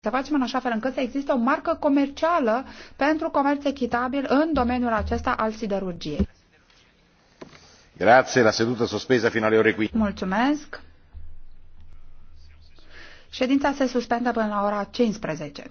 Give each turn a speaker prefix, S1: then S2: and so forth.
S1: Să facem în așa fel încât să existe o marcă comercială pentru comerț echitabil în domeniul acesta al siderurgiei.
S2: Grazie, la seduta sospesa fino alle ore 15.
S1: Mulțumesc. Ședința se suspendă până la ora
S3: 15.